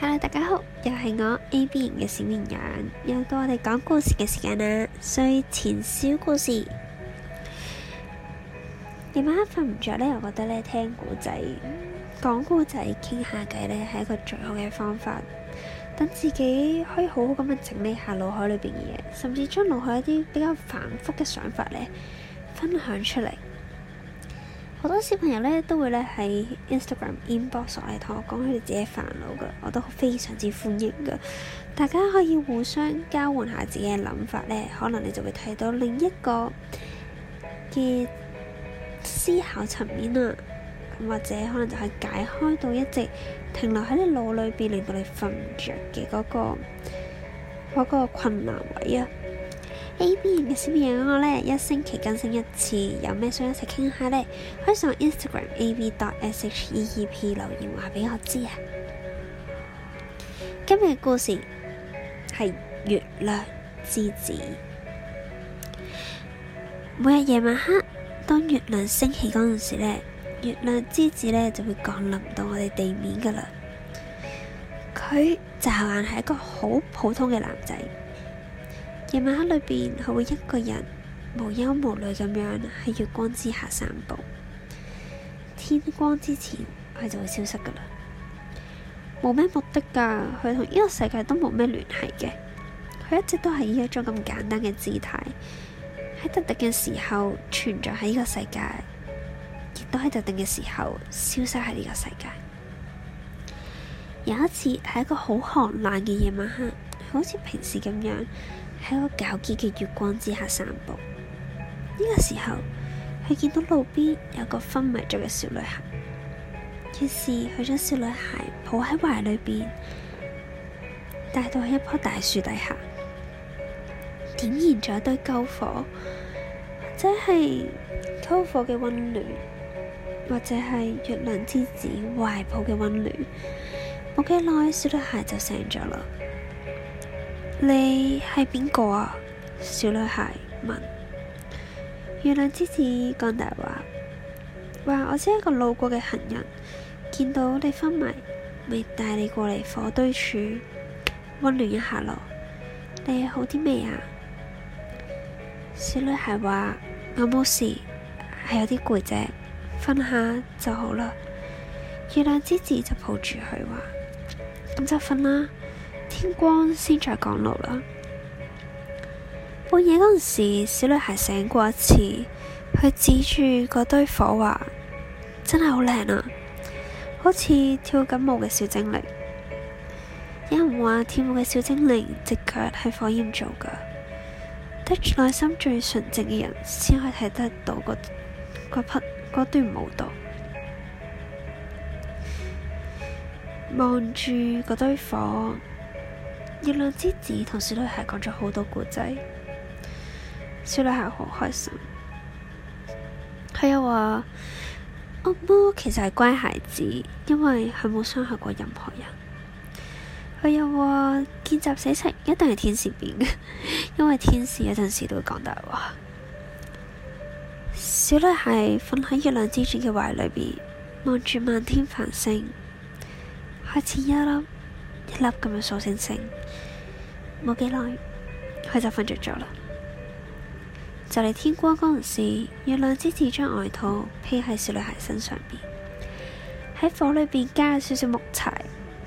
hello，大家好，又係我 A B 型嘅小綿羊，又到我哋講故事嘅時間啦。睡前小故事，夜晚瞓唔着呢，我覺得呢聽古仔、講古仔、傾下偈呢係一個最好嘅方法。等自己可以好好咁樣整理下腦海裏邊嘅嘢，甚至將腦海一啲比較繁複嘅想法呢分享出嚟。好多小朋友咧都會咧喺 Instagram inbox 嚟同我講佢哋自己嘅煩惱噶，我都非常之歡迎噶。大家可以互相交換下自己嘅諗法咧，可能你就會睇到另一個嘅思考層面啊，咁或者可能就係解開到一直停留喺你腦裏邊令到你瞓唔着嘅嗰個嗰個困難位啊。A、B 型嘅小朋友我呢，一星期更新一次，有咩想一齊傾下呢？可以上 Instagram A B dot S H E E P 留言話俾我知啊！今日嘅故事係月亮之子。每日夜晚黑，當月亮升起嗰陣時呢，月亮之子呢就會降臨到我哋地面噶啦。佢乍眼係一個好普通嘅男仔。夜晚黑裏邊，佢會一個人無憂無慮咁樣喺月光之下散步。天光之前，佢就會消失噶啦。冇咩目的噶，佢同呢個世界都冇咩聯繫嘅。佢一直都係以一種咁簡單嘅姿態，喺特定嘅時候存在喺呢個世界，亦都喺特定嘅時候消失喺呢個世界。有一次係一個好寒冷嘅夜晚黑，好似平時咁樣。喺個皎潔嘅月光之下散步，呢個時候佢見到路邊有個昏迷咗嘅小女孩，於是佢將小女孩抱喺懷裏邊，帶到去一棵大樹底下，點燃咗一堆篝火，或者係篝火嘅溫暖，或者係月亮之子懷抱嘅溫暖。冇幾耐，小女孩就醒咗啦。你係邊個啊？小女孩問。月亮之子講大話，話我只係一個路過嘅行人，見到你昏迷，未帶你過嚟火堆處溫暖一下咯。你好啲未啊？小女孩話我冇事，係有啲攰啫，瞓下就好啦。月亮之子就抱住佢話，咁就瞓啦。天光先再講路啦。半夜嗰陣時，小女孩醒過一次，佢指住嗰堆火話：真係好靚啊，好似跳緊舞嘅小精靈。有人話跳舞嘅小精靈隻腳係火焰做嘅得住內心最純淨嘅人先可以睇得到嗰嗰匹嗰段舞蹈。望住嗰堆火。月亮之子同小女孩講咗好多古仔，小女孩好開心。佢又話惡魔其實係乖孩子，因為佢冇傷害過任何人。佢又話見習死神一定係天使變嘅，因為天使有陣時都會講大話。小女孩瞓喺月亮之子嘅懷裏邊，望住漫天繁星，開始一粒。一粒咁樣數星星，冇幾耐，佢就瞓着咗啦。就嚟天光嗰陣時，月亮之子將外套披喺小女孩身上邊，喺火裏邊加咗少少木柴，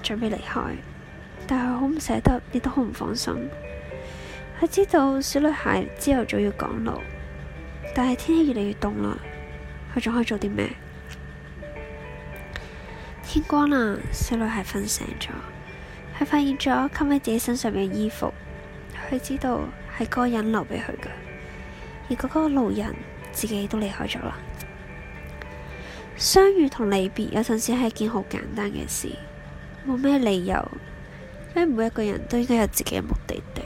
準備離開。但係好唔捨得，亦都好唔放心。佢知道小女孩朝頭早要趕路，但係天氣越嚟越凍啦。佢仲可以做啲咩？天光啦，小女孩瞓醒咗。佢發現咗襟喺自己身上嘅衣服，佢知道係嗰個人留俾佢嘅，而嗰個路人自己都離開咗啦。相遇同離別有陣時係一件好簡單嘅事，冇咩理由。因為每一個人都應該有自己嘅目的地。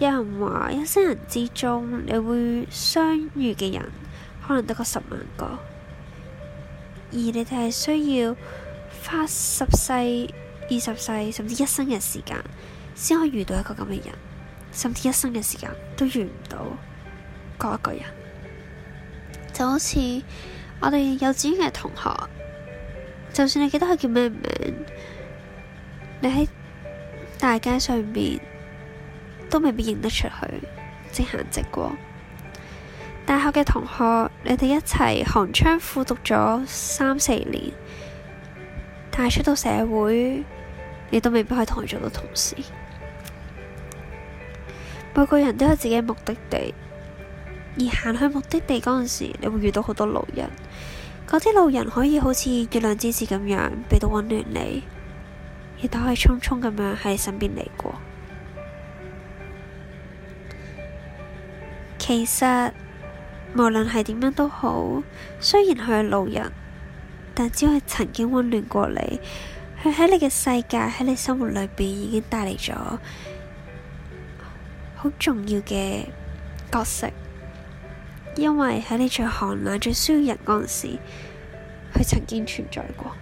有人話，一生人之中你會相遇嘅人可能得個十萬個，而你哋係需要花十世二十世甚至一生嘅時間，先可以遇到一個咁嘅人，甚至一生嘅時間都遇唔到嗰一個人。就好似我哋幼稚園嘅同學，就算你記得佢叫咩名，你喺大街上面都未必認得出去，即行直過。大學嘅同學，你哋一齊寒窗苦讀咗三四年，但係出到社會。你都未必可以同佢做到同事。每個人都有自己嘅目的地，而行去目的地嗰陣時，你會遇到好多路人。嗰啲路人可以好似月亮之子咁樣，畀到溫暖你，亦都可以匆匆咁樣喺你身邊嚟過。其實無論係點樣都好，雖然佢係路人，但只係曾經溫暖過你。佢喺你嘅世界，喺你生活裏邊已經帶嚟咗好重要嘅角色，因為喺你最寒冷、最需要人嗰陣時，佢曾經存在過。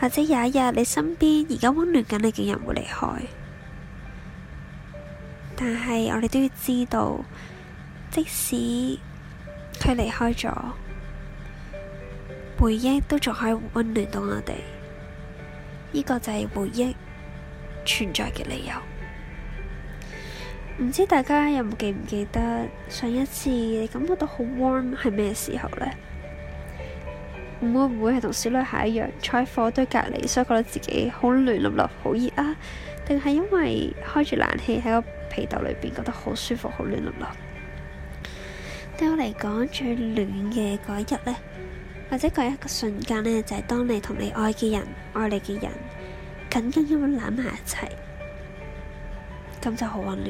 或者有一日你身邊而家溫暖緊你嘅人會離開，但係我哋都要知道，即使佢離開咗，回憶都仲可以溫暖到我哋。呢個就係回憶存在嘅理由。唔知大家有冇記唔記得上一次你感覺到好 warm 係咩時候呢？會唔會係同小女孩一樣坐喺火堆隔籬，所以覺得自己好暖笠笠，好熱啊？定係因為開住冷氣喺個被竇裏邊，覺得好舒服，好暖笠笠？對我嚟講，最暖嘅嗰一日呢。或者嗰一個瞬間咧，就係、是、當你同你愛嘅人、愛你嘅人緊緊咁樣攬埋一齊，咁就好溫暖。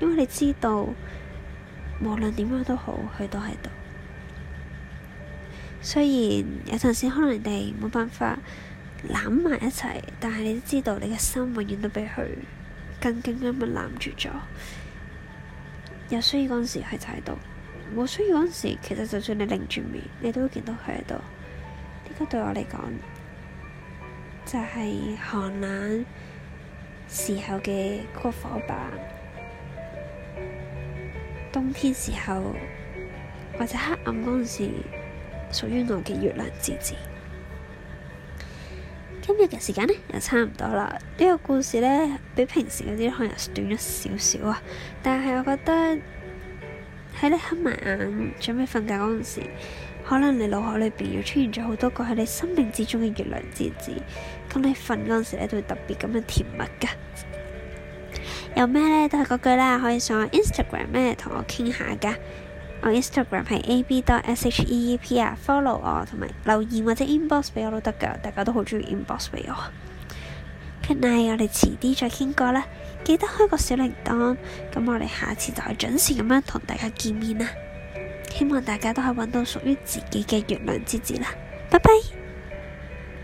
因為你知道，無論點樣都好，佢都喺度。雖然有陣時可能你冇辦法攬埋一齊，但係你都知道你嘅心永遠都俾佢緊緊咁樣攬住咗。有需要嗰時佢就喺度。冇需要嗰陣時，其實就算你擰住面，你都見到佢喺度。呢、這個對我嚟講，就係、是、寒冷時候嘅嗰個火把，冬天時候或者黑暗嗰陣時，屬於我嘅月亮之子。今日嘅時間呢，又差唔多啦，呢、這個故事呢，比平時嗰啲可能短咗少少啊，但係我覺得。喺你黑埋眼準備瞓覺嗰陣時，可能你腦海裏邊又出現咗好多個喺你生命之中嘅月亮之子。咁你瞓嗰時咧，都會特別咁樣甜蜜噶。有咩咧，都係嗰句啦，可以上我 Instagram 咩同我傾下噶。我 Instagram 係 a b dot s h e e p 啊，follow 我同埋留言或者 inbox 俾我都得噶。大家都好中意 inbox 俾我。我哋遲啲再傾過啦，記得開個小鈴鐺，咁我哋下次就係準時咁樣同大家見面啦。希望大家都係搵到屬於自己嘅月亮之子啦，拜拜。